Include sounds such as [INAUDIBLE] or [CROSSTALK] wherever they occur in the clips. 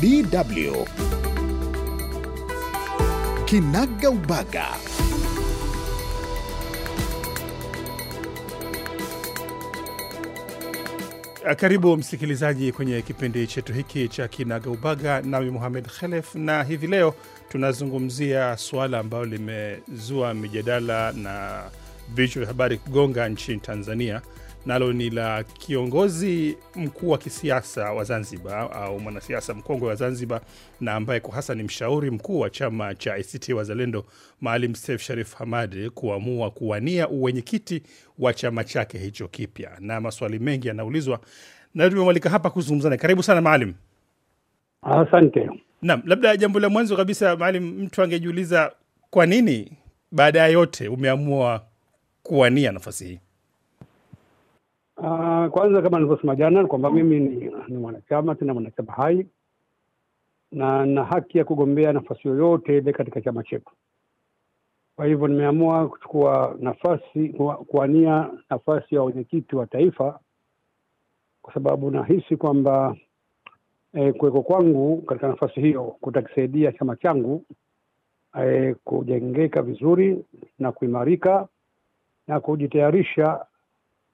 BW. Kinaga Ubaga. Karibu msikilizaji kwenye kipindi chetu hiki cha Kinaga Ubaga, nami Muhamed Khelef, na hivi leo tunazungumzia suala ambalo limezua mijadala na vichwa vya habari kugonga nchini Tanzania nalo ni la kiongozi mkuu wa kisiasa wa Zanzibar au mwanasiasa mkongwe wa Zanzibar na ambaye kwa hasa ni mshauri mkuu wa chama cha ACT Wazalendo, Maalim Seif Sharif Hamad kuamua kuwania uwenyekiti wa chama chake hicho kipya, na maswali mengi yanaulizwa na tumemwalika hapa kuzungumza naye. Karibu sana Maalim. Asante. Naam, labda jambo la mwanzo kabisa Maalim, mtu angejiuliza kwa nini baada ya yote umeamua kuwania nafasi hii? Uh, kwanza kama nilivyosema jana kwamba mimi ni, ni mwanachama tena mwanachama hai na na haki ya kugombea nafasi yoyote ile katika chama chetu. Kwa hivyo nimeamua kuchukua nafasi kuwania nafasi ya wenyekiti wa taifa kwa sababu nahisi kwamba eh, kuweko kwangu katika nafasi hiyo kutakisaidia chama changu eh, kujengeka vizuri na kuimarika na kujitayarisha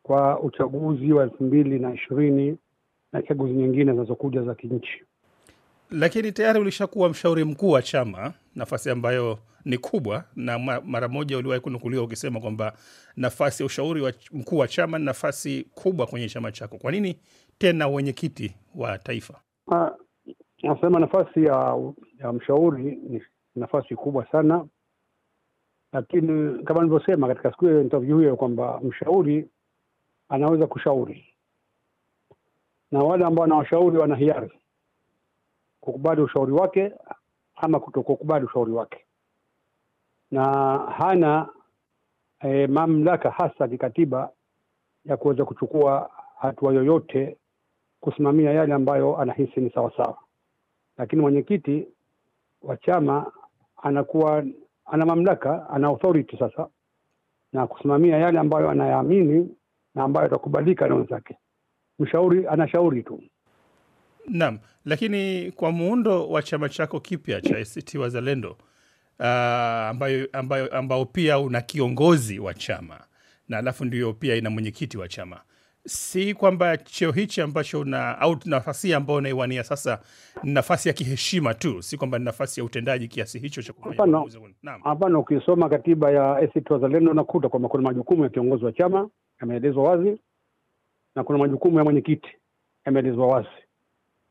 kwa uchaguzi wa elfu mbili na ishirini na chaguzi nyingine zinazokuja za kinchi. Lakini tayari ulishakuwa mshauri mkuu wa chama, nafasi ambayo ni kubwa, na mara moja uliwahi kunukuliwa ukisema kwamba nafasi ya ushauri mkuu wa chama ni nafasi kubwa kwenye chama chako. Kwa nini tena wenyekiti wa taifa? Ha, ah, nasema nafasi ya, ya mshauri ni nafasi kubwa sana, lakini kama nilivyosema katika siku hiyo interview hiyo kwamba mshauri anaweza kushauri, na wale ambao anawashauri wana hiari kukubali ushauri wake ama kutokukubali ushauri wake, na hana e, mamlaka hasa kikatiba ya kuweza kuchukua hatua yoyote kusimamia yale ambayo anahisi ni sawasawa. Lakini mwenyekiti wa chama anakuwa ana mamlaka, ana authority sasa na kusimamia yale ambayo anayaamini na ambayo atakubalika na wenzake. Mshauri anashauri tu. Naam, lakini kwa muundo wa chama chako kipya cha ACT Wazalendo uh, ambayo, ambayo, ambao pia una kiongozi wa chama na alafu ndiyo pia ina mwenyekiti wa chama si kwamba cheo hichi ambacho una au nafasi ambayo unaiwania sasa ni nafasi ya kiheshima tu, si kwamba ni nafasi ya utendaji kiasi hicho cha kufanya. Hapana, ukisoma katiba ya ACT Wazalendo unakuta kwamba kuna majukumu ya kiongozi wa chama yameelezwa wazi na kuna majukumu ya mwenyekiti yameelezwa wazi.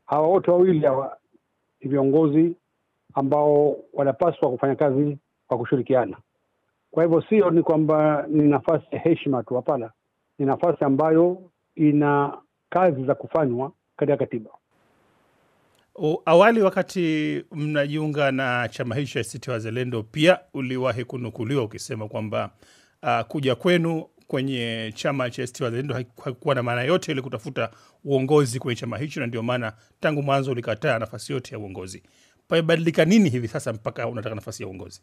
Hawa wote wawili hawa ni viongozi ambao wanapaswa kufanya kazi kwa kushirikiana. Kwa hivyo sio ni kwamba ni nafasi ya heshima tu, hapana ni nafasi ambayo ina kazi za kufanywa katika katiba. O, awali wakati mnajiunga na chama hicho ACT Wazalendo pia uliwahi kunukuliwa ukisema kwamba uh, kuja kwenu kwenye chama cha ACT Wazalendo hakukuwa na maana yote ili kutafuta uongozi kwenye chama hicho, na ndio maana tangu mwanzo ulikataa nafasi yote ya uongozi. Pamebadilika nini hivi sasa mpaka unataka nafasi ya uongozi?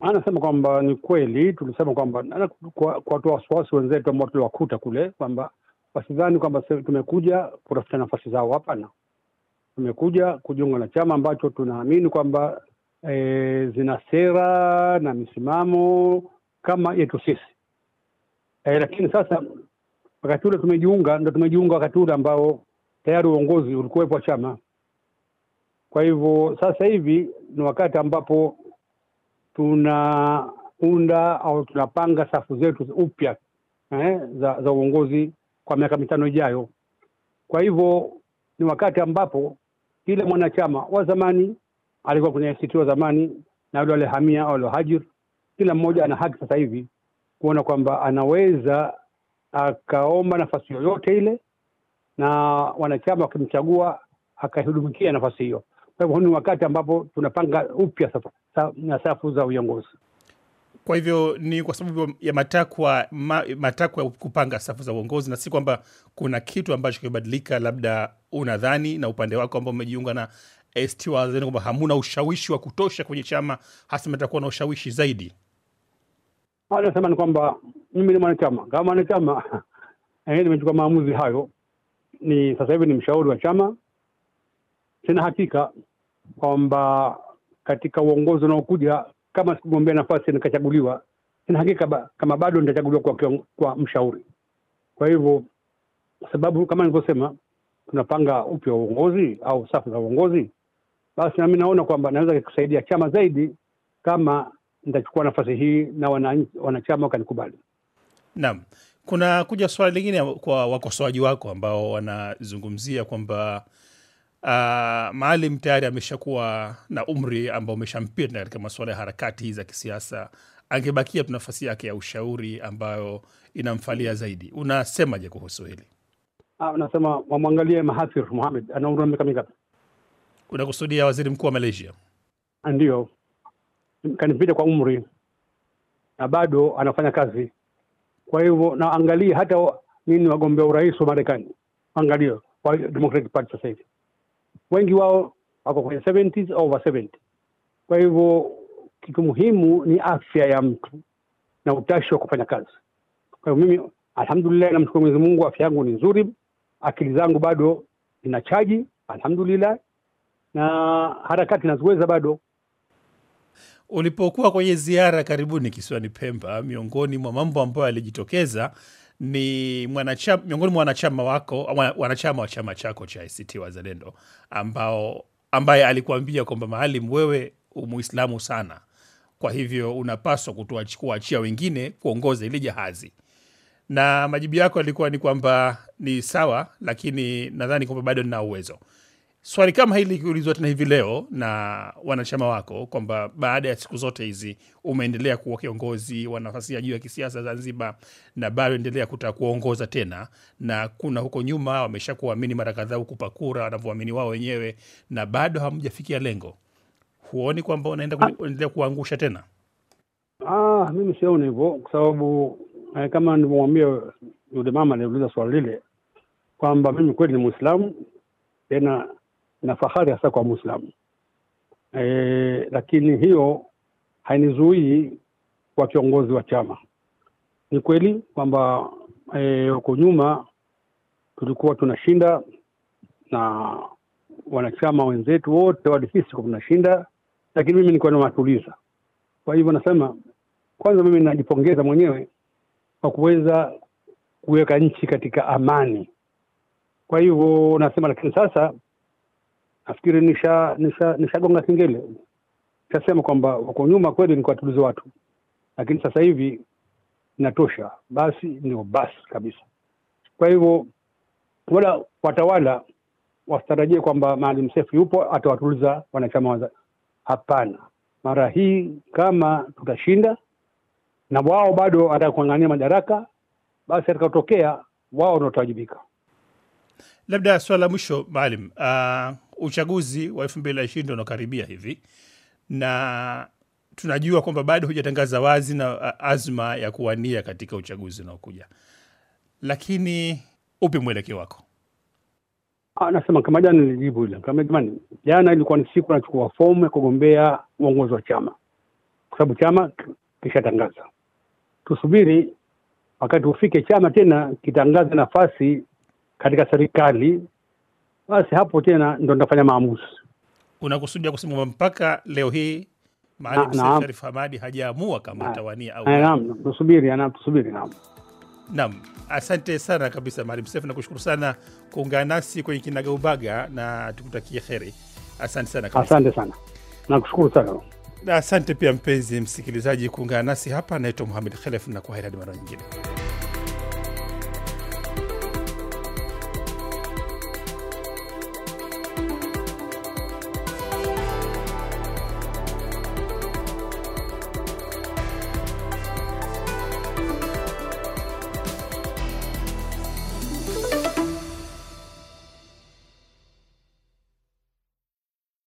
anasema kwamba ni kweli tulisema kwamba kuwatoa kwa wasiwasi wenzetu ambao tuliwakuta kule kwamba wasidhani kwamba tumekuja kutafuta nafasi zao. Hapana, tumekuja kujiunga na chama ambacho tunaamini kwamba e, zina sera na misimamo kama yetu sisi e, lakini sasa wakati ule tumejiunga, ndo tumejiunga wakati ule ambao tayari uongozi ulikuwepo wa chama. Kwa hivyo sasa hivi ni wakati ambapo tunaunda au tunapanga safu zetu upya eh, za, za uongozi kwa miaka mitano ijayo. Kwa hivyo ni wakati ambapo kila mwanachama wa zamani alikuwa kwenye ACT wa zamani na ule waliohamia au aliohajir kila mmoja ana haki sasa hivi kuona kwamba anaweza akaomba nafasi yoyote ile, na wanachama wakimchagua akaihudumikia nafasi hiyo sababu huu ni wakati ambapo tunapanga upya sasa sa, safu za uongozi. Kwa hivyo ni kwa sababu ya matakwa ma, matakwa ya kupanga safu za uongozi, na si kwamba kuna kitu ambacho kimebadilika, labda unadhani na upande wako ambao umejiunga na ACT Wazalendo kwamba hamuna ushawishi wa kutosha kwenye chama, hasa mtakuwa na ushawishi zaidi. Nasema ni kwamba mimi ni mwanachama, kama mwanachama [LAUGHS] eh, nimechukua maamuzi hayo. Ni sasa hivi ni mshauri wa chama, sina hakika kwamba katika uongozi unaokuja kama sikugombea nafasi nikachaguliwa, sina hakika ba, kama bado nitachaguliwa kwa, kwa mshauri. Kwa hivyo kwa sababu kama nilivyosema, tunapanga upya uongozi au safu za uongozi, basi nami naona kwamba naweza kusaidia chama zaidi kama nitachukua nafasi hii na wanachama wakanikubali. Naam, kuna kuja swali lingine kwa wakosoaji wako ambao wanazungumzia kwamba Uh, Maalim tayari ameshakuwa na umri ambao umeshampita katika masuala ya harakati za kisiasa, angebakia tu nafasi yake ya ushauri ambayo inamfalia zaidi. Unasemaje kuhusu hili? Ah, nasema wamwangalie Mahathir Muhamed ana umri wa miaka mingapi? Unakusudia waziri mkuu wa Malaysia? ndio kanipita kwa umri na bado anafanya kazi. Kwa hivyo naangalie hata nini wagombea urais wa Marekani, angalio wa Democratic Party sasa hivi wengi wao wako kwenye 70s over 70. Kwa hivyo kitu muhimu ni afya ya mtu na utashi wa kufanya kazi. Kwa hivyo mimi alhamdulillah, namshukuru Mwenyezi Mungu, afya yangu ni nzuri, akili zangu bado ina chaji alhamdulillah, na harakati naziweza bado. Ulipokuwa kwenye ziara karibuni kisiwani Pemba, miongoni mwa mambo ambayo yalijitokeza ni mwanachama, miongoni mwa wanachama wako wanachama wa chama chako cha ACT Wazalendo ambao ambaye alikuambia kwamba Maalim, wewe umuislamu sana, kwa hivyo unapaswa kuachia wengine kuongoza ile jahazi, na majibu yako yalikuwa ni kwamba ni sawa, lakini nadhani kwamba bado nina uwezo swali kama hili likiulizwa tena hivi leo na wanachama wako kwamba baada ya siku zote hizi umeendelea kuwa kiongozi wa nafasi ya juu ya kisiasa Zanzibar na bado endelea kutaka kuongoza tena, na kuna huko nyuma wamesha kuamini mara kadhaa hukupa kura wanavyoamini wao wenyewe, na bado hamjafikia lengo, huoni kwamba unaendelea kuwaangusha kuangusha tena? Ah, mimi sioni hivyo kwa sababu eh, kama nilivyomwambia yule mama aliuliza swali lile kwamba mimi kweli ni Mwislamu tena na fahari hasa kwa Muislamu e, lakini hiyo hainizuii kwa kiongozi wa chama. Ni kweli kwamba e, huko e, nyuma tulikuwa tunashinda na wanachama wenzetu wote walihisi kwa tunashinda, lakini mimi nikuwa nawatuliza. Kwa hivyo nasema kwanza, mimi najipongeza mwenyewe kwa kuweza kuweka nchi katika amani. Kwa hivyo nasema, lakini sasa nafikiri nishagonga nisha, nisha kengele, nishasema kwamba wako nyuma kweli ni kuwatuliza watu, lakini sasa hivi inatosha, basi ndio basi kabisa. Kwa hivyo wala watawala wasitarajie kwamba Maalim Seif yupo atawatuliza wanachama waza. Hapana, mara hii kama tutashinda na wao bado wanataka kuang'ania madaraka, basi atakaotokea wao ndio watawajibika. Labda swala la mwisho Maalim, uh uchaguzi wa elfu mbili na ishirini unakaribia hivi na tunajua kwamba bado hujatangaza wazi na azma ya kuwania katika uchaguzi unaokuja, lakini upi mwelekeo wako? Anasema ah, kama jana nilijibu ile kama jamani, jana ilikuwa ni siku nachukua fomu ya kugombea uongozi wa chama, kwa sababu chama kishatangaza. Tusubiri wakati ufike, chama tena kitangaza nafasi katika serikali basi hapo tena ndo nitafanya maamuzi. Unakusudia kusema kwamba mpaka leo hii maalimsharif hamadi hajaamua kama atawania au naam? nam naam, asante sana kabisa Maalim sef na kushukuru sana kuungana nasi kwenye kinagaubaga na tukutakie kheri Asante sana kabisa. Asante sana, nakushukuru sana na asante pia mpenzi msikilizaji kuungana nasi hapa. anaitwa Muhamed Khelef na kwa heri mara nyingine.